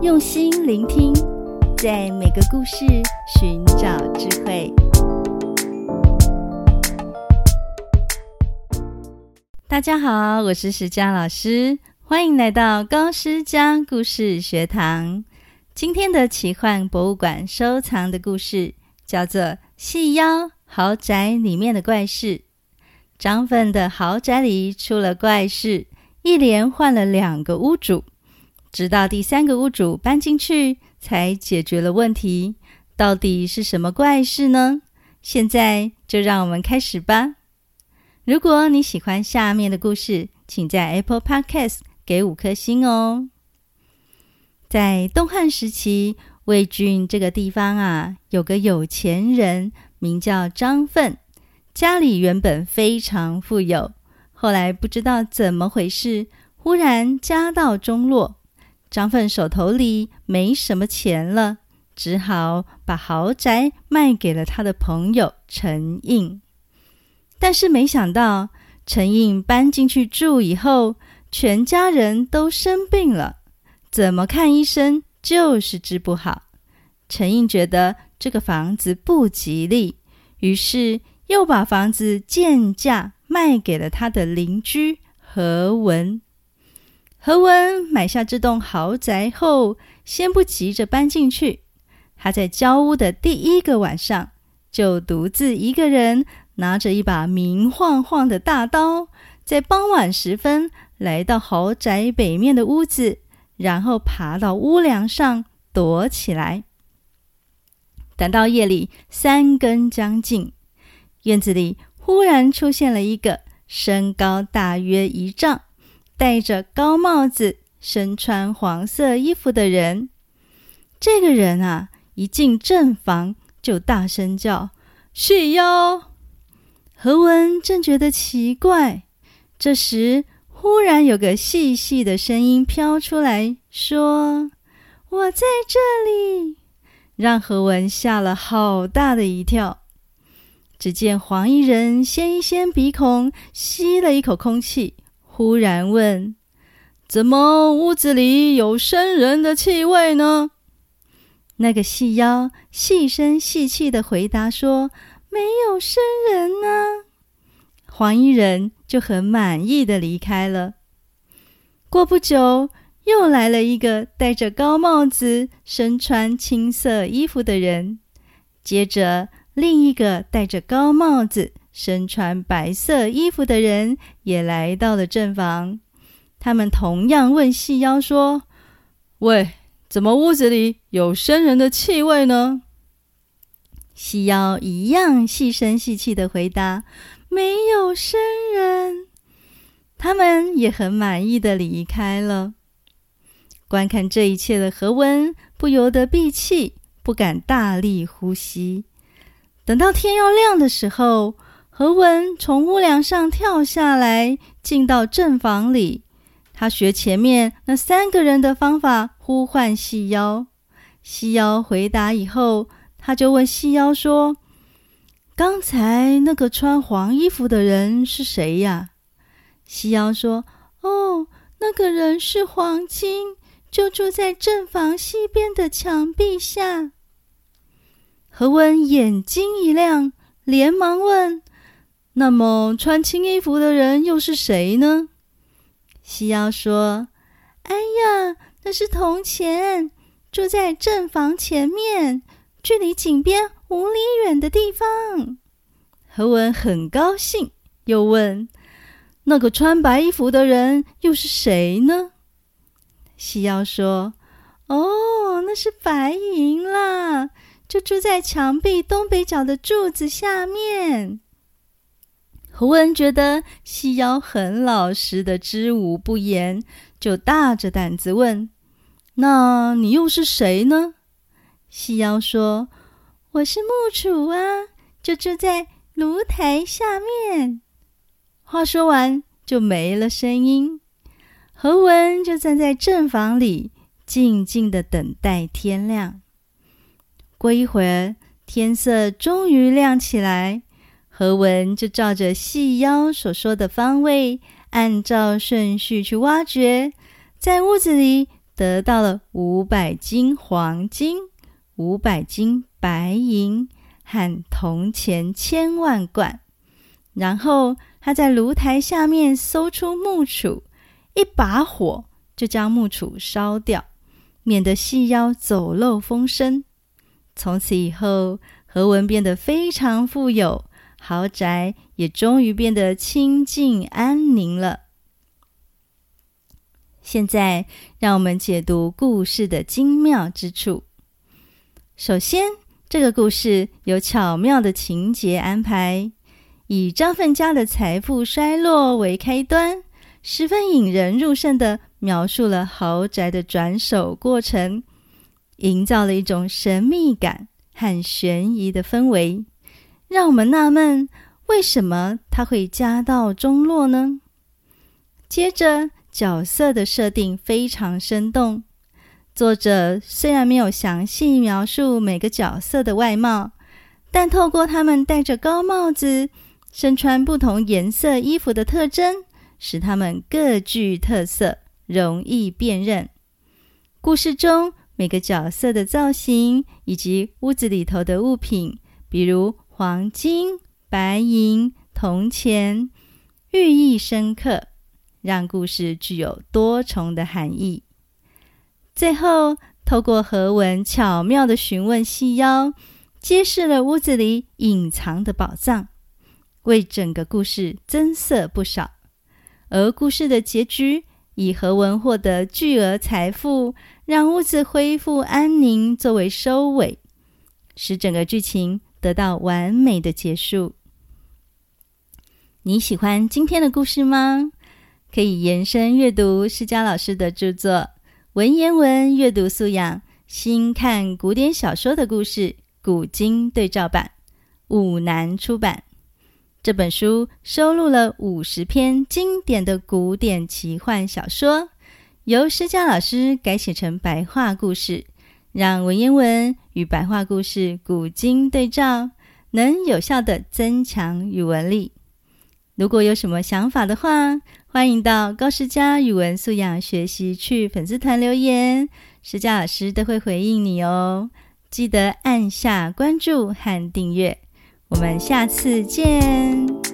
用心聆聽，在每個故事尋找智慧。大家好，我是詩佳老師，歡迎來到高詩佳故事學堂。今天的奇幻博物館收藏的故事，叫做《細腰豪宅裡面的怪事》。張奮的豪宅裡出了怪事，一連換了兩個屋主。直到第三個屋主搬進去，才解決了問題。到底是什麼怪事呢？現在就讓我們開始吧。如果你喜歡下面的故事，請在 Apple Podcast 給五顆星哦。在東漢時期，魏郡這個地方啊，有個有錢人，名叫張奮，家裡原本非常富有，後來不知道怎麼回事，忽然家道中落。張奮手頭裡沒什麼錢了，只好把豪宅賣給了他的朋友陳應。但是沒想到，陳應搬進去住以後，全家人都生病了，怎麼看醫生就是治不好。陳應覺得這個房子不吉利，於是又把房子賤價賣給了他的鄰居何文。何文買下這棟豪宅後，先不急着搬進去。他在交屋的第一個晚上，就獨自一個人拿着一把明晃晃的大刀，在傍晚時分來到豪宅北面的屋子，然後爬到屋梁上躲起來。等到夜裡，三更將近，院子裡忽然出現了一個身高大約一丈，戴着高帽子、身穿黃色衣服的人，這個人啊，一進正房就大聲叫：“細腰！”何文正覺得奇怪，這時忽然有個細細的聲音飄出來說：“我在這裡！”讓何文嚇了好大的一跳。只見黃衣人掀一掀鼻孔，吸了一口空氣。忽然問：“怎麼屋子裡有生人的氣味呢？”那個細腰細聲細氣的回答說：“沒有生人吶。”黃衣人就很滿意的離開了。過不久，又來了一個戴着高帽子、身穿青色衣服的人，接着另一個戴着高帽子。身穿白色衣服的人也來到了正房，他們同樣問細腰說：“喂，怎麼屋子裡有生人的氣味呢？”細腰一樣細聲細氣的回答：“沒有生人。”他們也很滿意的離開了。觀看這一切的何文不由得閉氣，不敢大力呼吸。等到天要亮的時候。何文從屋梁上跳下來，進到正房裡。他學前面那三個人的方法，呼喚細腰。細腰回答以後，他就問細腰說：“剛才那個穿黃衣服的人是誰呀？”細腰說：“哦，那個人是黃金，就住在正房西邊的牆壁下。”何文眼睛一亮，連忙問。那麼，穿青衣服的人又是誰呢？細腰說：“哎呀，那是銅錢，住在正房前面，距離井邊五里遠的地方。”何文很高興，又問：“那個穿白衣服的人又是誰呢？”細腰說：“哦，那是白銀啦，就住在牆壁東北角的柱子下面。”何文覺得細腰很老實的知無不言，就大着膽子問：“那你又是誰呢？”細腰說：“我是木杵啊，就住在爐台下面。”話說完就沒了聲音。何文就站在正房裡，靜靜地等待天亮。過一會兒，天色終於亮起來。何文就照着細腰所說的方位，按照順序去挖掘，在屋子裡得到了五百斤黃金、五百斤白銀和銅錢千萬貫。然後他在爐台下面搜出木杵，一把火就將木杵燒掉，免得細腰走漏風聲。從此以後，何文變得非常富有。豪宅也終於變得清靜安寧了。現在，讓我們解讀故事的精妙之處。首先，這個故事有巧妙的情節安排，以張奮家的財富衰落為開端，十分引人入勝地描述了豪宅的轉手過程，營造了一種神秘感和懸疑的氛圍。讓我們納悶，為什麼他會家道中落呢？接着，角色的設定非常生動。作者雖然沒有詳細描述每個角色的外貌，但透過他們戴着高帽子、身穿不同顏色衣服的特徵，使他們各具特色，容易辨認。故事中每個角色的造型以及屋子裡頭的物品，比如，黃金、白銀、銅錢，寓意深刻，讓故事具有多重的含義。最後，透過何文巧妙的詢問細腰，揭示了屋子裡隱藏的寶藏，為整個故事增色不少。而故事的結局，以何文獲得巨額財富，讓屋子恢復安寧作為收尾，使整個劇情。得到完美的結束。你喜歡今天的故事嗎？可以延伸閱讀詩佳老師的著作《文言文閱讀素養：新看古典小說的故事古今對照版》，五南出版。這本書收錄了五十篇經典的古典奇幻小說，由詩佳老師改寫成白話故事。讓文言文與白話故事古今對照，能有效地增強語文力。如果有什麼想法的話，歡迎到高詩佳語文素養學習區粉絲團留言，詩佳老師都會回應你哦。記得按下關注和訂閱，我們下次見。